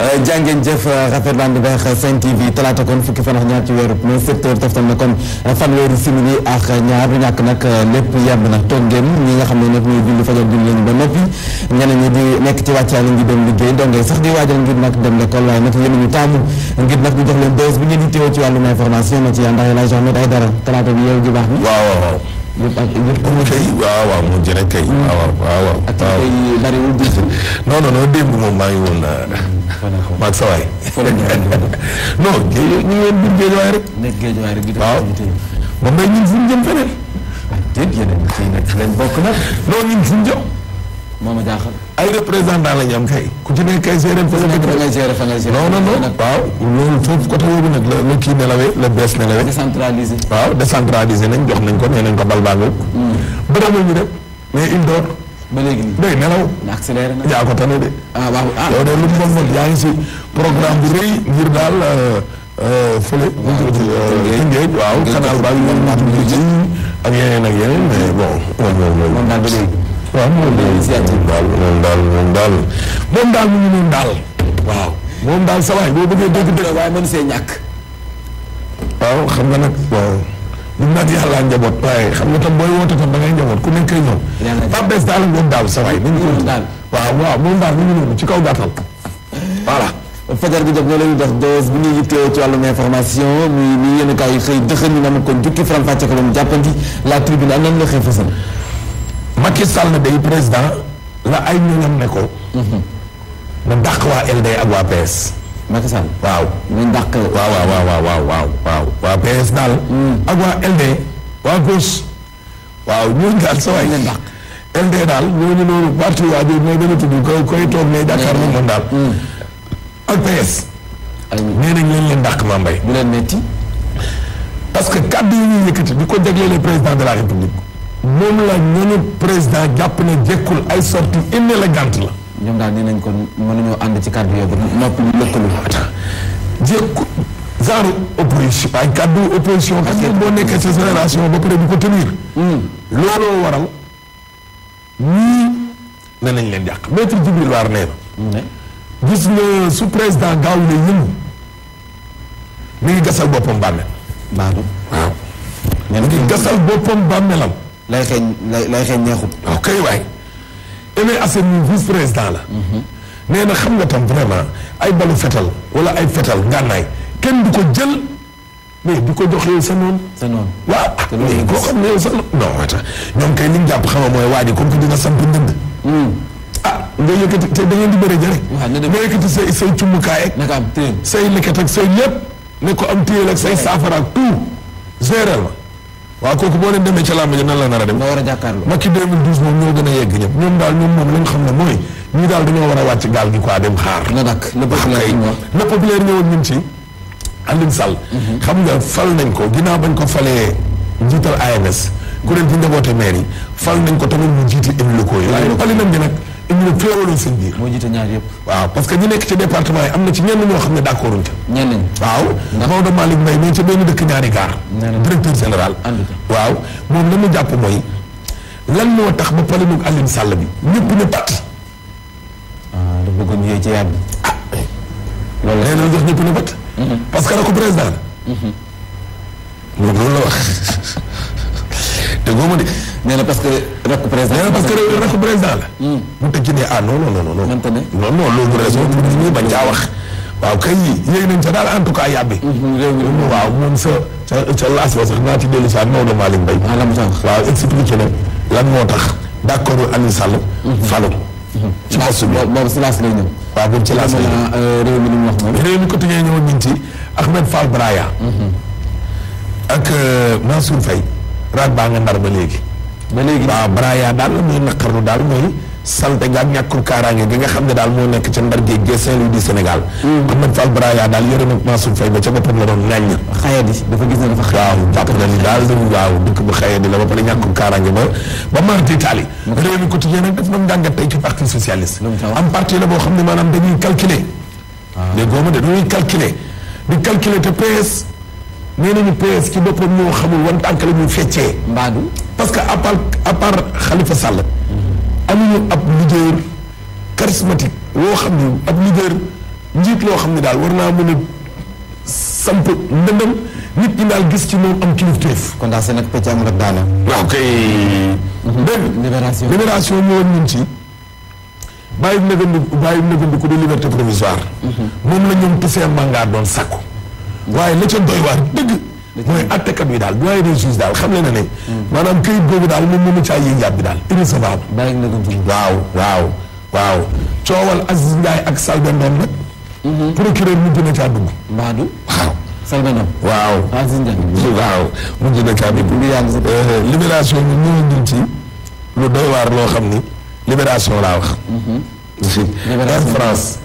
Euh, jàngeen jëf euh, rafet laan di baax Sen TV talaata kon fukki fan ak ñaar ci weeru mai sept heures taftal na kon fanweeri simili ak ñaar du ñàkk nag euh, lépp yemb na toog ngeen ñi nga xam ne nag ñuy nekk ci wàccaa la ngi dem liggéey donge sax di waajal ngir nag dem bi ngeen di teewoo ci wàllum information ma ci yaa ndax yaa lay jox talaata bi yow gi baax mi yëpp ak yëpp amul kay waaw waaw mu jëlee kay. Mm. waaw waaw waaw. ak kay bariwul bi. non non non démb moom maa ngi woon. Euh, mm. maag sa waay. non géej ñu ngi woon biir géej waay rek. nekk géej waay rek. waaw moom nag ñun fu ñu jëm feneen. ah déet yéen a ngi ciy nekk lañ bokk nag. non ñun fu ñu jëm. moo ma jaaxal. ay représentant la ñu am kay. ku ci nekk kay séeréer fa nga fa ngay waaw loolu foofu côté boobu nag la la kii nelawee la bees nelawee. décentralisé. waaw décentralisé nañ jox nañ ko nee nañ ko balbaangal. bëriwul hmm. ñu dem mais il dort. nelaw. na yaa ko tane de. ah waaw ah yow de lu mu bon bon yaa ngi si programme bu rëy ngir daal euh, euh, fële. Tëngéej waaw euh, canal ba ak yeneen ak yeneen mais bon. moom daal ba léegi. waaw moom daal mu ngi noonu daal waaw moom daal sa waay boo bëggee dégg dëgg waaye mën see ñàkk waaw xam nga nag waaw du nag yàlla njaboot waaye xam nga tam booy woote tam da ngay njaboot ku nekk ñëw Pape Bess daal moom daal sa waay nañ ko daal waaw waaw moom daal mu ngi noonu ci kaw gàttal voilà fajar ñoo leen def bu ñuy ci wàllum information muy muy kaay xëy ñu ma jukki faram fàcce ko jàppandi la tribune la xëy fësal Macky Sall day président la ay ñoñam ne ko. na dàq waa LD ak waa PS. Macky Sall waaw. na dàq waaw waaw waaw waaw waaw waaw waa PS daal. Hmm. ak waa LD. waa gauche. waaw ñooñu daal sa waay. na dàq LD daal ñooñu noonu parti waa bi mooy dama tudd ko koy toog ne Dakar hmm. la moom daal. Hmm. ak PS. ay nee nañ leen leen dàq maa mbay. bu leen metti parce que kàddu yi ñuy yëkkati di ko jagleel le président de la république. moom la ñooñu président jàpp ne jekkul ay sortie inélégante la. ñoom daal nee nañ kon mënuñoo ànd ci kàddu yooyu noppi ñu lëkkalu. jekku genre opposition kàddu opposition. parce boo nekkee sa génération ba pare du ko tenir. Hmm. looloo waral ñii ne nañ leen yàq maître Djibril War nee na. Hmm. gis nga su président gaawul ne yëngu mi ngi gasal boppam bàmmeel. waaw. mi ngi gasal boppam bàmmeelam. lay xeeñ lay lay xeeñ ñeexub. ok ah, waay Aimé Assane vice président la. Mhm. nee na xam nga tam vraiment ay balu fetal wala ay fetal ngànnaay kenn du ko jël mais du ko jox yow sa noonu. sa noonu waaw ah mais koo xam ne yow sa noonu. non attends ñoom kay ñu jàpp xam nga mooy waa ji comme que di nga samp ndënd. Hmm. ah nga yëkkati da ngeen di bëri jëriñ. waaw na dem nga yëkkati say say cumbukaay ak. naka am téye say lekkat say lépp. ne ko am téye ak say saafara ak tout ma. waaw kooku boo leen demee ca làmb ji nan la nar a dem. moo war a jàkkaarloo Macky moom ñoo gën a yegg ñëpp ñoom daal ñoom moom lañ xam ne mooy ñii daal dañoo war a wàcc gaal gi quoi dem xaar. na dakk le populaire le populaire ñëwoon ñun ci Alioune Sall. Mhm. xam nga fal nañ ko ginnaaw bañ ko falee njiital AMS. kuréel gi njaboote maire yi fal nañ ko tamit mu jiite élu locaux yi. waaye fali nañ gi nag. indi la féewaloo seen biir. moo jiite ñaar yëpp. waaw parce que ñi nekk ci département yi am na ci ñenn ñoo xam ne d' accord wuñ ca. ñenn ñi waaw. Maodo Malick Mbaye moom ca benn dëkk ñaari gaar. directeur général. waaw moom la mu jàpp mooy lan moo tax ba pale moom Alioune Sall bi ñëpp ñu pat. ah da bëggoon yooyu ci yàgg. ah eh. loolu la jox ñëpp ñu pat. Mm-hmm. parce que rek président mm-hmm. la. loolu la wax. te góob ma de nee na parce que rakku président. nee na parce que rakku président la. Hmm. bu tëjee ne ah non non non non. mënta loolu raison pour nit ñi bañ waaw kay yéeg nañ ca daal en tout hmm, hmm, waaw moom sa sa sa laas ba sax naa ci dellu saa Maodo Malick Mbaye. Ah, waaw expliqué na lan moo tax. d' accord Aliou falu. ci poste bi si laas lay ñëw. waaw boobu raat baa nga ndar ba léegi. ba léegi waaw baraayaa daal la muy naqarlu daal mooy salte ga ñàkkul kaaraange gi xam ne daal moo nekk ca ndar géej Saint-Louis du Sénégal. Hmm. Ahmed Fall baraayaa daal yore na Mansour Faye ba ca boppam la doon ŋàññ. xaya di dafa waaw jàpp na xaya di la ba pare ñàkkul kaaraange ba ba mardi taali. réew mi quotidien nag daf doon tey ci parti socialiste. am parti la boo xam ne maanaam dañuy calculer. waaw ah. di calculer te PS. nee nañu PS ci boppam ñoo xamul wan tànk la ñu feccee. mbaadu parce que à part à part Khalifa Sall. ab leader charismatique woo xam ne ab leader njiit loo xam ne daal war naa mën a samp ndëndam nit ñi daal gis ci moom am kilifteef. kon daal seen ak pecc amul ak daana. waaw kay. Mhm. dégg libération libération ñëwoon nañ mhm. moom la ñoom Toussaint Manga doon sakku. waaye la ca doy waar dëgg mooy bi daal doyen des juges daal xam le na ne maanaam këyit boobu daal moom mënu caa yéeg yàb bi daal irrecevable waaw waaw waaw coowal Aziz Ndiaye ak Salbe Ndom nag mhm. procureur mujj na caa dugg mbaadu waaw Salbe Ndom waaw Aziz Ndiaye waaw mujj na caa dugg euh, libération ñu ci lu doy loo xam ni libération laa wax mhm. en France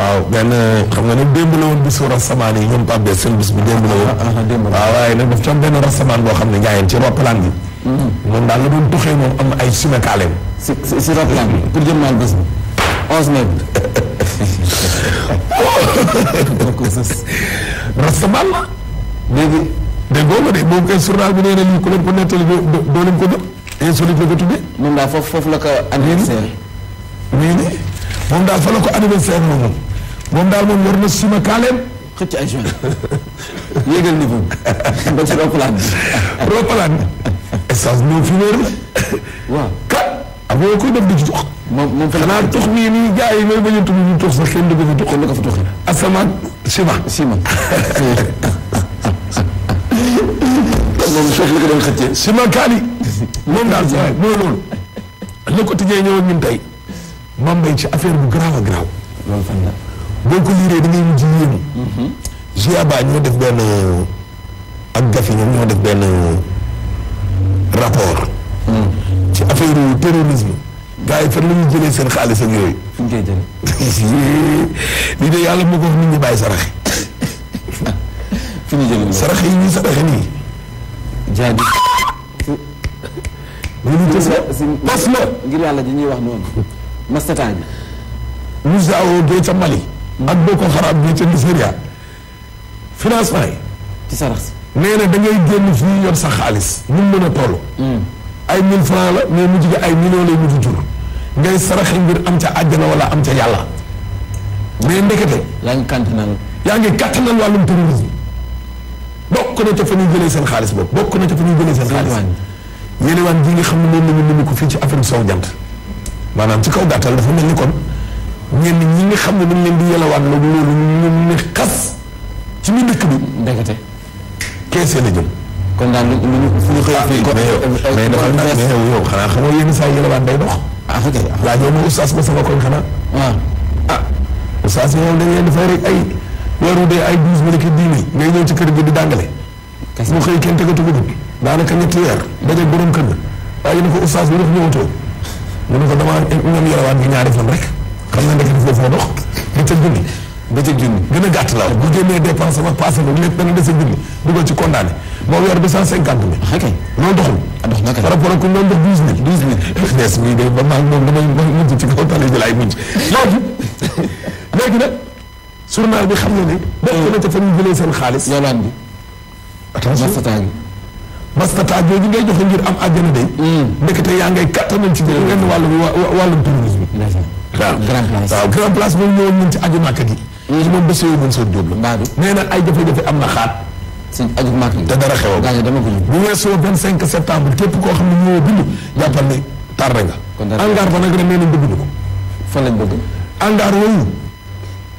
waaw benn xam nga nag démb la woon bisu rastamaan yi ñoom Pape seen bis bi démb la woon. Ah, ah, ah, waaw waaye nag daf ci am benn rastamaan boo xam ne njaayeen ci roppalaan bi. Mm-hmm. moom daal la doon doxee moom ay simekaaleem. si si si roppalaan pour jëmmal bés bi onze mai. rastamaan léegi déggoo ma de moom kay journal bi nee na lii ku leen ko nettali doo leen ko jot. insolite la ko tuddee. moom daal foofu foofu la ko anniversaire. muy nii moom daal fa la ko anniversaire moom. moom daal moom war na suma kaaleem. xëcc ay joint yéegal niveau bi. ba ci roppalaan bi. roppalaan essence non fumeur la. waaw kat am na koy def di ci jox. moom moom xanaa tux mii nii gars yi mooy bañ a tudd ñu tux sax kenn du ko fi tux kon lu ko fa tuxee. asamaan sima. sima. moom Cheikh li ko doon xëccee. sima kaali. moom daal saa mooy loolu. Le Quotidien ñëw ak ñun tey. Mame Mbaye ci affaire bu grave a grave. loolu fan la. boo ko liiree da ngay mujj yéemu. Mhm. Giaba ñoo def benn ak Gafi ñoom ñoo def benn rapport. Mhm. ci affaire terrorisme. gars yi fan la ñuy jëlee seen xaalis ak yooyu. fu ñu koy jëlee. yàlla moo ko wax nit ñi bàyyi ñu ñuy jaadi. ñu ngi tës la pas la. ngir yàlla dañuy wax noonu. mastata ak Boko Haram bi ca Nigeria financement yi. ci sarax nee na da ngay génn fii yor sax xaalis. ñu mën a toll. Hmm. ay mille francs la mais mu jige ay millions lay mujj jur. ngay saraxe ngir am ca àjjana wala am ca yàlla. mais ndekete. yaa ngi kàttanal. yaa ngi kàttanal wàllum terrorisme. bokk na ca fa ñuy jëlee seen xaalis boobu bokk na ca fa ñuy jëlee seen xaalis. yéen waan ji nga xam ne moom la ñu ko fii ci Afrique sowu jant. maanaam ci kaw gàttal dafa mel ni kon. ñenn ñi nga xam ne dañ leen di yelawaan loolu ñoom ne xas ci mu dëkk bi. ndekete. keese la jëm. kon daal lu ñu fu ñu xëy ah, mais dafa naan ne yow xanaa xamoo yenn saa day dox. ah ok laajoo ma oustaz ba sama koñ xanaa. waaw ah. ah oustaz dañ leen dafay ay weeru dee ay douze mille kii diine ngay ci kër gi di dàngale. kese mu xëy kenn daanaka ñetti weer daje borom kër ga waaye ne ko oustaz bi dafa ñëwatoo mu ne ko damaa ñoom yelawaan gi ñaari fan rek. xam naa ndekete foofu la dox bëccëg junni bëccëg junni gën a gàtt laa bu génnee dépense sama passé ba lépp dana dese junni dugal ci condamné moo weer deux cent cinquante mille ah, ok loolu doxul ah, dox naka par rapport ak ku doon dox douze mille douze mille des mi de ba maa moom damay mujj ci kaw tali bi laay mujj léegi léegi nag journal bi xam na ne bokk na ca fa ñu jëlee seen xaalis yoolaan bi bastataa jooju ngay joxe ngir am àjjana day hmm. ndekete yaa ngay kattanal ci jël lenn wàllu wàllum tourisme waaw grand place moom ñëwoon nañ ci aju màkk gi hmm. moom bés yooyu mën seen la nee ay jafe-jafe am na xaat si aju màkk gi te dara xewam bu weesoo vingt cinq septembre képp koo xam ne ñëwoo bindu jàppal ne tardé nga angaar ba nag ren nee nañ ko fan lañ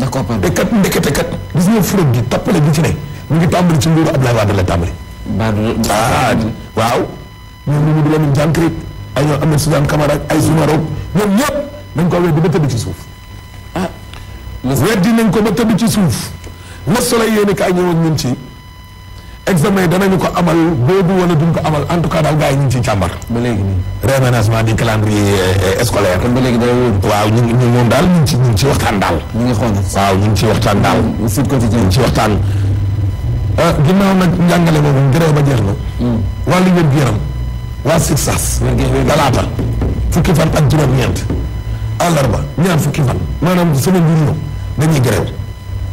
d'accord te kat ndekete kat gis nga fraude gi tappale ci ne mu ngi tàmbali ci nguuru Abdoulaye Wade la tàmbali. ah waaw. ñoom ñu ngi di leen jànkuwut ay ñoom am Suzanne Camara ak ay Soumar Rock ñoom ñëpp nañ ko weddi ba tëdd ci suuf. ah weddi nañ ko ba tëdd ci suuf. la Soleil yéen a kaay ñëwoon ñun ci. examen yi danañu ko amal boobu wala duñ ko amal en tout cas daal gars yi ñu ngi ciy càmbar. ba léegi nii. réaménagement du calendrier eh, eh, scolaire. kon ba léegi day wóor. waaw ñu ngi moom daal ñu ngi ci ñu ngi ci waxtaan daal. ñu ngi xool waaw ñu ngi ci waxtaan daal. Sud Quotidien ñu ngi ci waxtaan. ah ginnaaw nag njàngale moomu grève ba jeex na. wàllu wér gu yaram waa SICSAS. talaata fukki fan ak juróom-ñeent àllarba ñaar fukki fan maanaam semaine bi ñëw dañuy grève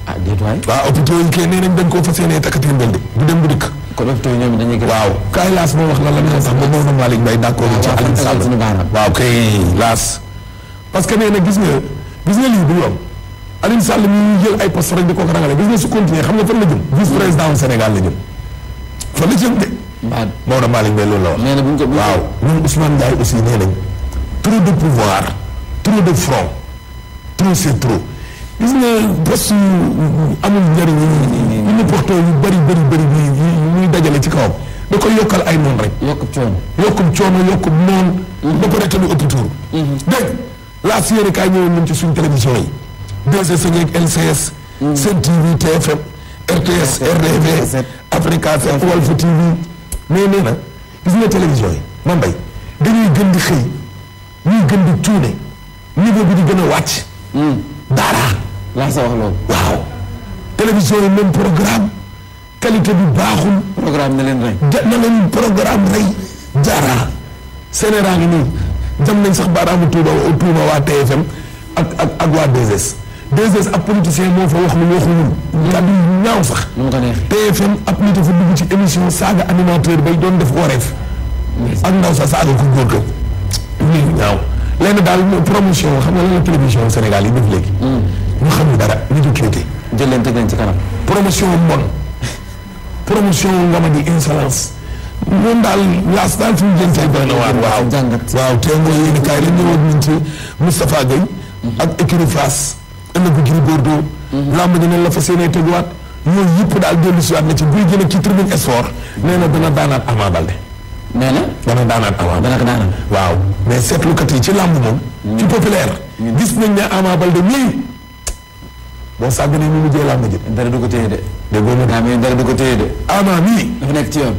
ah déet waay. waaw hôpitaux yi kay nee nañ dañ koo fas yéenee takkati mbel de bu dem bu dikk. waaw kay laas moo wax lan la nga xam ba que nee na gis nga gis nga lii bu ñu am Aliou Sall jël ay poste rek di ko rangale gis nga xam nga fan la jëm. vice président Sénégal la jëm. fan la jëm de. waaw Maodo Malick Mbaye nee na bu ñu ko waaw ñun Ousmane Ndiaye aussi nee nañ trop de pouvoir trop de front trop c'est trop. gis nga gëstu amul njëriñ yi ñu porté yu bëri bëri bëri yi ñuy dajale ci kawam da koy yokkal ay noon rek. yokkub coono yokkub coono yokkub noon. Mm-hmm. ba pare te du ëpp laa mm-hmm. dégg la série kaay ñëwoon ci suñ télévision yi. 2STV ak LCS. Mm-hmm. Sen TV TFM. RTS RDV. Africa FM Walf TV. mais nee na gis nga télévision yi man bay dañuy gën di xëy ñuy gën di tuune niveau bi di gën a wàcc. Mm. dara. laa sa wax loolu. waaw télévision yi même programme qualité bi baaxul. programme leen rey. na leen programme rey jaara Sénégal yi jam nañ sax baaraamu Touba waa TFM ak ak ak waa 2S. 2S ab politicien moo fa wax lu waxul ñun. kàddu sax. nu mu ko neexee TFM ab ci émission saaga animateur bay doon def wareef. ak ndaw sa saaga ko góor ko. lii ñaaw lenn daal promotion xam nga lan la ñu xamul dara ñu dul traité. jël leen teg leen ci kanam. promotion mbon promotion ngama di insolence. ñun daal laas daal fi mu jëm tey. benn waaw waaw jàngat waaw tey mooy yéen kaay la ñëwoon nañ ci Moustapha mhm. la fas yéenee teguwaat. yooyu yëpp daal dellu si waat na ci buy jëlee ci tribune sport nee na dana daanaat Ama Baldé. nee na dana daanaat Ama Baldé. dana ko daanaat waaw mais seetlukat yi ci làmb moom. ci mhm. populaire. Mhm. gis nañ ne Ama Baldé nii. boo sàgg ne ñu mujjee làmb ji. dara du ko téye de. déggoo ma daa mel dara du ko téye de. ama mii. dafa nekk ci yoon.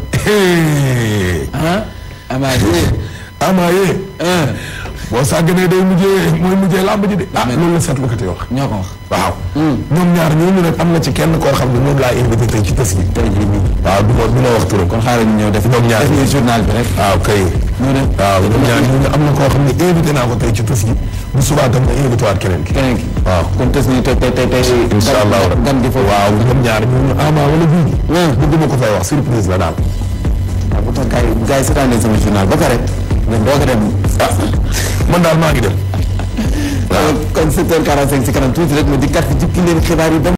ah. ama yee. ama yee. Ah. boo sàgg ne day mujjee mooy mujjee làmb ji de. ah loolu la seetlu ko tey wax. ñoo ko wax waaw. Hmm. ñoom ñaar ñooñu nag am na ci kenn koo xam ne moom laa invité tey ci tës bi. tey jii nii. waaw du ma du ma wax turam. kon xaaral ñu ñëw def. ñoom ñaar def journal bi rek. waaw kay. ñoo def waaw ñoom ñaar ñooñu am na koo xam ne invité naa ko tey ci tës bi. bu subaa tam nga invité waat keneen ki. keneen ki waaw kon tës nañu tey tey tey tey. incha allah gan gi foofu waaw ñoom ñaar ñoom wala Gouye Gui. waaw bëgguma ko fay wax surprise daal. waaw ah, bu tax gars yi gars yi ba pare. mais doo ko dem. man daal maa ngi dem. waaw euh, si kanam tuuti rek ma dikkaat fi jukki leen xibaar